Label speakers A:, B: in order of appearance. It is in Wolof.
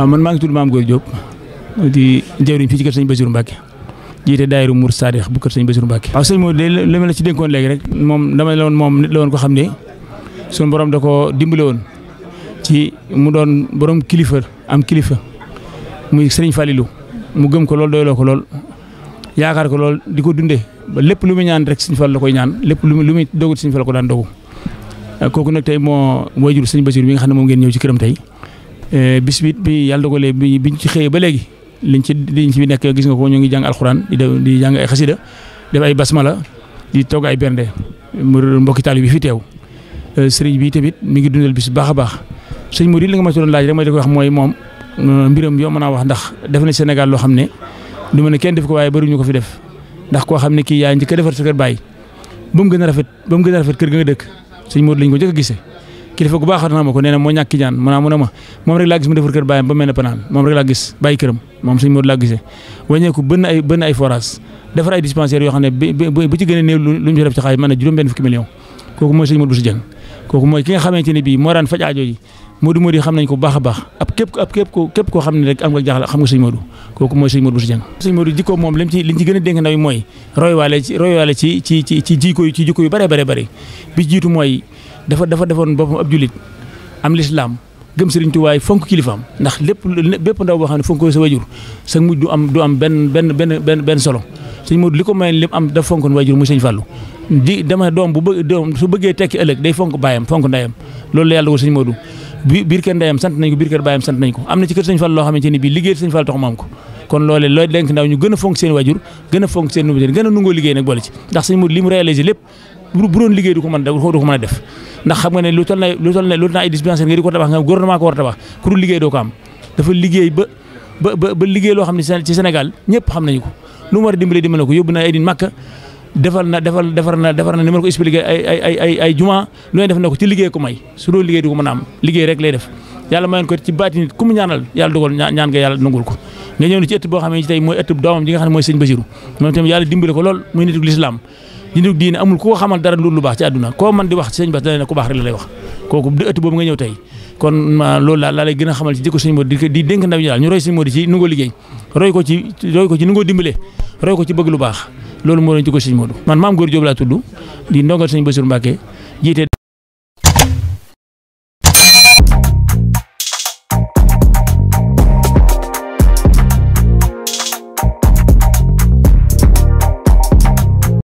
A: waaw ah, man maa ngi tudd Maam Góor Diop di jawriñ fii ci kër sëñ Bassirou Mbacke jiite daayiru Mour Sadikh bu kër sëñ Bassirou Mbacke. waaw sëñ Maodo de li ma la ci dénkoon léegi rek moom dama la moom nit la woon ko xam ne suñu borom da ko dimbale woon ci mu doon borom kilifa am kilifa muy sëriñ Falilou mu gëm ko lool doyloo ko lool yaakaar ko lool di ko dundee lépp lu muy ñaan rek sëñ Fall la koy ñaan lépp lu muy lu muy ko daan dogu nag tey moo waajur sëñ Bassirou mi nga xam ne moom ngeen ñëw ci këram tey Eh, bis bi bi yàlla dogalee bi biñ ci xëyee ba léegi liñ ci liñ ci nekk gis nga ko ñu ngi jàng alxuraan di di jàng ay xasida def ay basmala di togg ay bernde mbokki taali bi fi teew eh, sëriñ bi tamit mu ngi dundal bis bu baax a baax sëñ Mouride li nga ma ci laaj rek ko wax mooy moom eh, mbiram yoo mën a wax ndax def na Sénégal loo xam ne du ma ne kenn def ko waaye bëri ñu ko fi def ndax koo xam ne kii yaa njëkk a defar sa kër bàyyi ba mu gën a rafet ba mu gën a rafet kër ga nga dëkk sëñ Mouride lañ ko njëkk a gisee kilifa gu baax na ma ko nee moo ñàkk kijaan mu naa ma moom rek laa gis mu defar kër baayam ba mel ne panaan moom rek laa gis bàyyi këram moom suñ Modou laa gisee wàññeeku bënn ay ay forage defar ay dispensaires yoo xam ne bu ci gën lu ñu ci def ci xaalis mën na juróom benn fukki million mooy suñ Modou Bousso Dieng kooku mooy ki nga xamante ne bii moo daan faj Modou Modou yi xam nañ ko bu baax baax ab képp ab képp ko képp koo xam ne rek am nga jaaxle xam nga sëñ Modou kooku mooy sëñ Modou a dénk ndaw yi mooy roywaale ci roywaale ci ci ci ci jikko am ndax lépp bépp ndaw boo xam ne fonk ko sa wajur sa mujj du am du benn benn benn solo sëñ Modou li ko may lépp am dafa fonkoon wajur muy sëñ Fallou di dama doom bu bëgg doom su bëggee tekki ëllëg day fonk baayam fonk ndayam loolu la yàlla ko sëñ Modou biir kër ndeyam sant nañ ko biir kër baayam sant nañ ko am na ci kër sëñ Fall loo bu doon liggéey du ko xam ne lu toll na liggéey doo loo xam ne ci Sénégal ñëpp xam nañu ko lu mu war a ko yóbbu ay din Makka defar na defar defar na defar na ni ma na ko ci liggéey ko may su loolu liggéey du ko mën a am liggéey rek lay def yàlla mayoon ko ci ni ci xam ne ci tey mooy ëtt doomam ji nga xam ne mooy sëñ Basiru moom ko lool muy nituk lislaam di nituk diine amul ko xamal dara lu lu baax ci àdduna koo man di wax ci sëñ Bas dana ne baax rek la lay wax kooku di ëtt boobu nga ñëw tey kon loolu laa laa lay gën a ci jikko sëñ Modou di dénk ndaw ñu roy sëñ Modou ci nu loolu moo doon ci ko sëñ Modou man maam Góor Diop laa tudd di ndongal sëñ Bassirou Mbacké